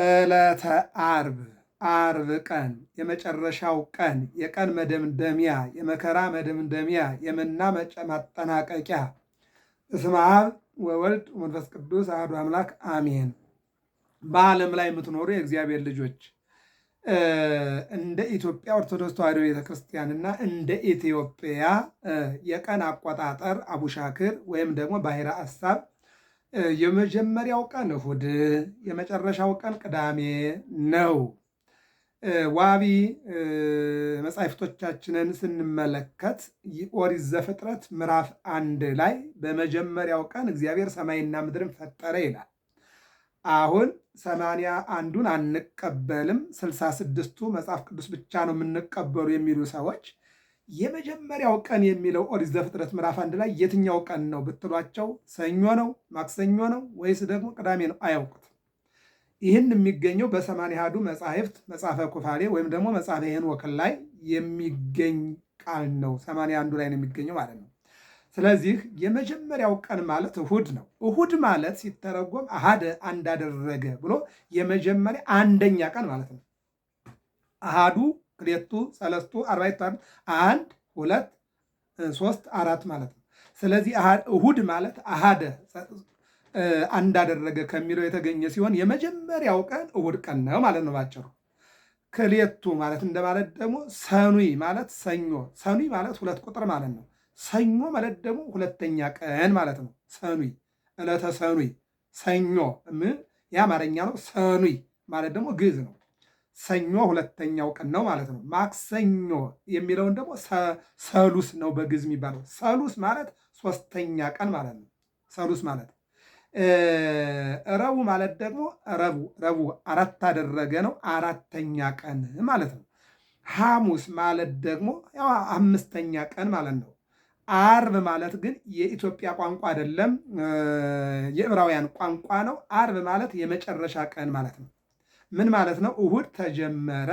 ዕለተ አርብ አርብ ቀን የመጨረሻው ቀን የቀን መደምደሚያ የመከራ መደምደሚያ የመና ማጠናቀቂያ። በስመ አብ ወወልድ ወመንፈስ ቅዱስ አሐዱ አምላክ አሜን። በዓለም ላይ የምትኖሩ የእግዚአብሔር ልጆች እንደ ኢትዮጵያ ኦርቶዶክስ ተዋሕዶ ቤተክርስቲያንና እንደ ኢትዮጵያ የቀን አቆጣጠር አቡሻክር ወይም ደግሞ ባሕረ ሐሳብ የመጀመሪያው ቀን እሁድ፣ የመጨረሻው ቀን ቅዳሜ ነው። ዋቢ መጻሕፍቶቻችንን ስንመለከት ኦሪት ዘፍጥረት ምዕራፍ አንድ ላይ በመጀመሪያው ቀን እግዚአብሔር ሰማይና ምድርን ፈጠረ ይላል። አሁን ሰማንያ አንዱን አንቀበልም፣ ስልሳ ስድስቱ መጽሐፍ ቅዱስ ብቻ ነው የምንቀበሉ የሚሉ ሰዎች የመጀመሪያው ቀን የሚለው ኦሪት ዘፍጥረት ምዕራፍ አንድ ላይ የትኛው ቀን ነው ብትሏቸው ሰኞ ነው፣ ማክሰኞ ነው ወይስ ደግሞ ቅዳሜ ነው አያውቁት። ይህን የሚገኘው በሰማንያ አሐዱ መጻሕፍት መጽሐፈ ኩፋሌ ወይም ደግሞ መጽሐፈ ሄኖክን ላይ የሚገኝ ቃል ነው። ሰማንያ አንዱ ላይ ነው የሚገኘው ማለት ነው። ስለዚህ የመጀመሪያው ቀን ማለት እሁድ ነው። እሁድ ማለት ሲተረጎም አሃደ አንዳደረገ ብሎ የመጀመሪያ አንደኛ ቀን ማለት ነው። አሃዱ ክሌቱ ሰለስቱ አርባዕቱ አንድ ሁለት ሶስት አራት ማለት ነው። ስለዚህ እሁድ ማለት አሃደ አንድ አደረገ ከሚለው የተገኘ ሲሆን የመጀመሪያው ቀን እሁድ ቀን ነው ማለት ነው ባጭሩ። ክሌቱ ማለት እንደማለት ደግሞ ሰኑይ ማለት ሰኞ፣ ሰኑይ ማለት ሁለት ቁጥር ማለት ነው። ሰኞ ማለት ደግሞ ሁለተኛ ቀን ማለት ነው። ሰኑይ ዕለተ ሰኑይ ሰኞ፣ ያ አማርኛ ነው። ሰኑይ ማለት ደግሞ ግዕዝ ነው። ሰኞ ሁለተኛው ቀን ነው ማለት ነው። ማክሰኞ የሚለውን ደግሞ ሰሉስ ነው በግዕዝ የሚባለው። ሰሉስ ማለት ሶስተኛ ቀን ማለት ነው። ሰሉስ ማለት ረቡ ማለት ደግሞ ረቡ ረቡ አራት አደረገ ነው አራተኛ ቀን ማለት ነው። ሐሙስ ማለት ደግሞ ያው አምስተኛ ቀን ማለት ነው። አርብ ማለት ግን የኢትዮጵያ ቋንቋ አይደለም፣ የዕብራውያን ቋንቋ ነው። አርብ ማለት የመጨረሻ ቀን ማለት ነው። ምን ማለት ነው? እሁድ ተጀመረ፣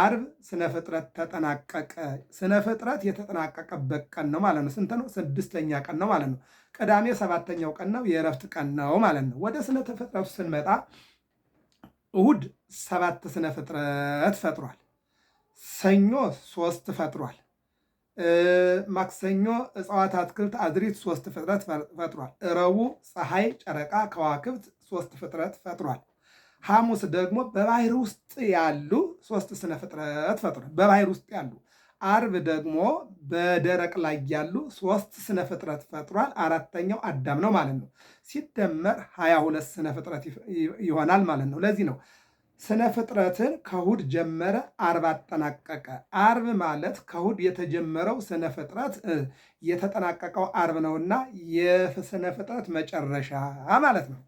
አርብ ስነ ፍጥረት ተጠናቀቀ። ስነ ፍጥረት የተጠናቀቀበት ቀን ነው ማለት ነው። ስንት ነው? ስድስተኛ ቀን ነው ማለት ነው። ቅዳሜ ሰባተኛው ቀን ነው፣ የእረፍት ቀን ነው ማለት ነው። ወደ ስነ ፍጥረቱ ስንመጣ እሁድ ሰባት ስነ ፍጥረት ፈጥሯል። ሰኞ ሶስት ፈጥሯል። ማክሰኞ እጽዋት፣ አትክልት፣ አዝሪት ሶስት ፍጥረት ፈጥሯል። እረቡ ፀሐይ፣ ጨረቃ፣ ከዋክብት ሶስት ፍጥረት ፈጥሯል። ሐሙስ ደግሞ በባህር ውስጥ ያሉ ሶስት ስነ ፍጥረት ፈጥሮ በባህር ውስጥ ያሉ አርብ ደግሞ በደረቅ ላይ ያሉ ሶስት ስነ ፍጥረት ፈጥሯል። አራተኛው አዳም ነው ማለት ነው። ሲደመር ሀያ ሁለት ስነ ፍጥረት ይሆናል ማለት ነው። ለዚህ ነው ስነ ፍጥረትን ከሁድ ጀመረ፣ አርብ አጠናቀቀ። አርብ ማለት ከሁድ የተጀመረው ስነ ፍጥረት የተጠናቀቀው አርብ ነውና የስነ ፍጥረት መጨረሻ ማለት ነው።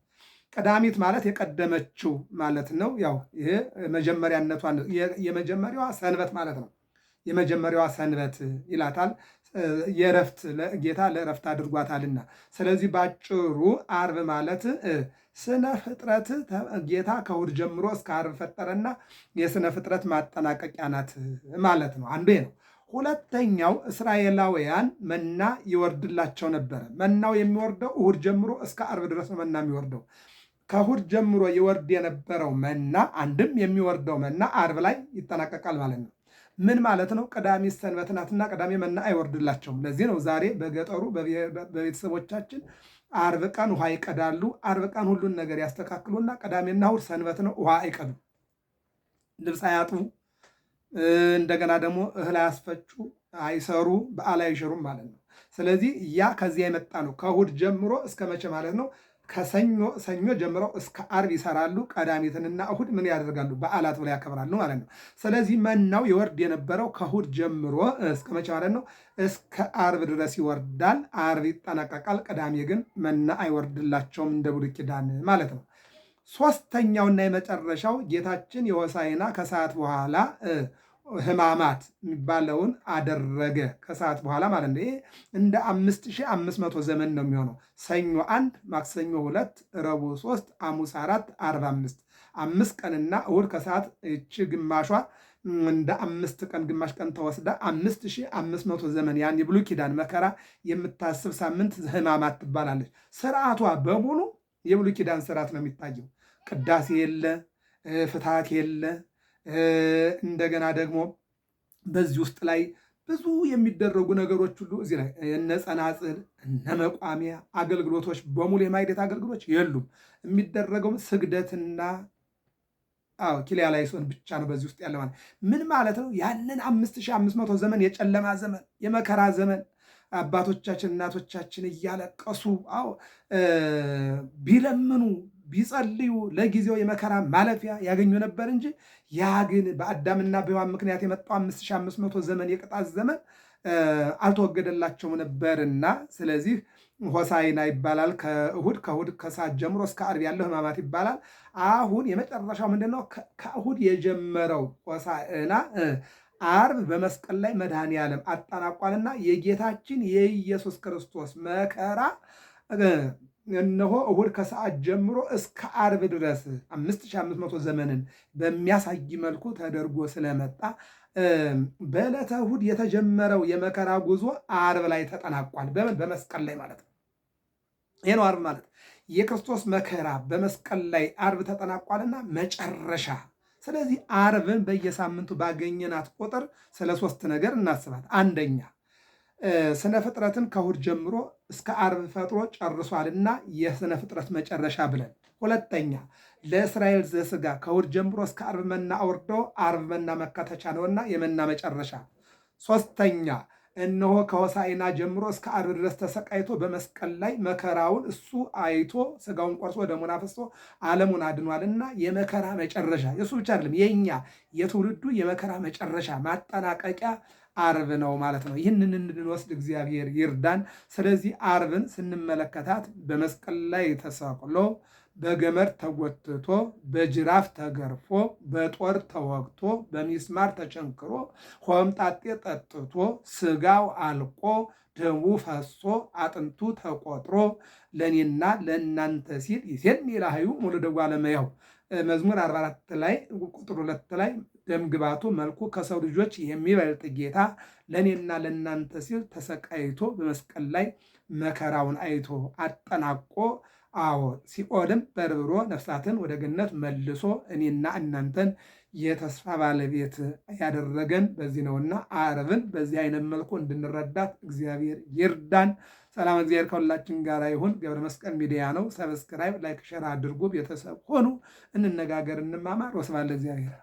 ቀዳሚት ማለት የቀደመችው ማለት ነው። ያው ይሄ መጀመሪያነቷ የመጀመሪያዋ ሰንበት ማለት ነው። የመጀመሪያዋ ሰንበት ይላታል። የእረፍት ጌታ ለእረፍት አድርጓታልና፣ ስለዚህ ባጭሩ አርብ ማለት ስነ ፍጥረት ጌታ ከእሑድ ጀምሮ እስከ አርብ ፈጠረና የስነ ፍጥረት ማጠናቀቂያ ናት ማለት ነው። አንዱ ነው። ሁለተኛው እስራኤላውያን መና ይወርድላቸው ነበረ። መናው የሚወርደው እሑድ ጀምሮ እስከ አርብ ድረስ ነው መና የሚወርደው ከሁድ ጀምሮ ይወርድ የነበረው መና አንድም የሚወርደው መና አርብ ላይ ይጠናቀቃል ማለት ነው። ምን ማለት ነው? ቅዳሜ ሰንበት ናትና ቅዳሜ መና አይወርድላቸውም። ለዚህ ነው ዛሬ በገጠሩ በቤተሰቦቻችን አርብ ቀን ውሃ ይቀዳሉ። አርብ ቀን ሁሉን ነገር ያስተካክሉና ቅዳሜና እሑድ ሰንበት ነው፣ ውሃ አይቀዱ፣ ልብስ አያጥቡ፣ እንደገና ደግሞ እህል አያስፈጩ፣ አይሰሩ፣ በዓል አይሽሩም ማለት ነው። ስለዚህ ያ ከዚያ የመጣ ነው። ከሁድ ጀምሮ እስከ መቼ ማለት ነው ከሰኞ ሰኞ ጀምረው እስከ አርብ ይሰራሉ። ቀዳሚትንና እሁድ ምን ያደርጋሉ? በዓላት ብላ ያከብራሉ ማለት ነው። ስለዚህ መናው ይወርድ የነበረው ከእሁድ ጀምሮ እስከ መቼ ማለት ነው? እስከ አርብ ድረስ ይወርዳል። አርብ ይጠናቀቃል። ቅዳሜ ግን መና አይወርድላቸውም እንደ ብሉይ ኪዳን ማለት ነው። ሶስተኛውና የመጨረሻው ጌታችን የሆሳዕና ከሰዓት በኋላ ህማማት የሚባለውን አደረገ ከሰዓት በኋላ ማለት ነው። ይሄ እንደ አምስት ሺህ አምስት መቶ ዘመን ነው የሚሆነው። ሰኞ አንድ ማክሰኞ ሁለት ረቡዕ ሶስት ሐሙስ አራት አርብ አምስት አምስት ቀንና እሑድ ከሰዓት እች ግማሿ እንደ አምስት ቀን ግማሽ ቀን ተወስዳ አምስት ሺህ አምስት መቶ ዘመን ያን የብሉይ ኪዳን መከራ የምታስብ ሳምንት ህማማት ትባላለች። ስርዓቷ በሙሉ የብሉይ ኪዳን ስርዓት ነው የሚታየው። ቅዳሴ የለ፣ ፍትሐት የለ እንደገና ደግሞ በዚህ ውስጥ ላይ ብዙ የሚደረጉ ነገሮች ሁሉ እዚህ ላይ እነ ጸናጽል እነ መቋሚያ አገልግሎቶች በሙሉ የማይደት አገልግሎች የሉም። የሚደረገውም ስግደትና አዎ ኪልያ ላይ ሲሆን ብቻ ነው በዚህ ውስጥ ያለ ማለት ምን ማለት ነው? ያንን አምስት ሺህ አምስት መቶ ዘመን የጨለማ ዘመን የመከራ ዘመን አባቶቻችን እናቶቻችን እያለቀሱ አዎ ቢለምኑ ቢጸልዩ ለጊዜው የመከራ ማለፊያ ያገኙ ነበር እንጂ ያ ግን በአዳምና በሔዋን ምክንያት የመጣው 5500 ዘመን የቅጣት ዘመን አልተወገደላቸውም ነበርና ስለዚህ ሆሳይና ይባላል። ከእሁድ ከእሁድ ከሰዓት ጀምሮ እስከ ዓርብ ያለው ሕማማት ይባላል። አሁን የመጨረሻው ምንድነው ከእሁድ የጀመረው ሆሳዕና ዓርብ በመስቀል ላይ መድኃኔ ዓለም አጣናቋልና የጌታችን የኢየሱስ ክርስቶስ መከራ እነሆ እሁድ ከሰዓት ጀምሮ እስከ አርብ ድረስ 5500 ዘመንን በሚያሳይ መልኩ ተደርጎ ስለመጣ በዕለተ እሁድ የተጀመረው የመከራ ጉዞ አርብ ላይ ተጠናቋል። በምን በመስቀል ላይ ማለት ነው። ይህ ነው አርብ ማለት የክርስቶስ መከራ በመስቀል ላይ አርብ ተጠናቋልና መጨረሻ። ስለዚህ አርብን በየሳምንቱ ባገኘናት ቁጥር ስለ ሶስት ነገር እናስባት። አንደኛ ስነ ፍጥረትን ከሁድ ጀምሮ እስከ ዓርብ ፈጥሮ ጨርሷልና የስነ ፍጥረት መጨረሻ ብለን። ሁለተኛ ለእስራኤል ዘስጋ ከእሑድ ጀምሮ እስከ ዓርብ መና አውርዶ ዓርብ መና መካተቻ ነውና የመና መጨረሻ። ሶስተኛ እነሆ ከሆሳዕና ጀምሮ እስከ ዓርብ ድረስ ተሰቃይቶ በመስቀል ላይ መከራውን እሱ አይቶ ስጋውን ቆርሶ ደሙን አፍስሶ ዓለሙን እና የመከራ መጨረሻ የእሱ ብቻ አይደለም፣ የእኛ የትውልዱ የመከራ መጨረሻ ማጠናቀቂያ ዓርብ ነው ማለት ነው። ይህንን እንድንወስድ እግዚአብሔር ይርዳን። ስለዚህ ዓርብን ስንመለከታት በመስቀል ላይ ተሰቅሎ በገመድ ተጎትቶ በጅራፍ ተገርፎ በጦር ተወግቶ በሚስማር ተቸንክሮ ሆምጣጤ ጠጥቶ ስጋው አልቆ ደሙ ፈሶ አጥንቱ ተቆጥሮ ለእኔና ለእናንተ ሲል ይሴን ይላሃዩ ሙሉ ደጓለመያው መዝሙር 44 ላይ ቁጥር 2 ላይ ደምግባቱ መልኩ ከሰው ልጆች የሚበልጥ ጌታ ለእኔና ለእናንተ ሲል ተሰቃይቶ በመስቀል ላይ መከራውን አይቶ አጠናቆ አዎ ሲኦልም በርብሮ ነፍሳትን ወደ ገነት መልሶ እኔና እናንተን የተስፋ ባለቤት ያደረገን በዚህ ነውና ዓርብን በዚህ አይነት መልኩ እንድንረዳት እግዚአብሔር ይርዳን። ሰላም፣ እግዚአብሔር ከሁላችን ጋር ይሁን። ገብረ መስቀል ሚዲያ ነው። ሰብስክራይብ፣ ላይክ፣ ሸር አድርጉ። ቤተሰብ ሆኑ። እንነጋገር፣ እንማማር። ወስብሐት ለእግዚአብሔር።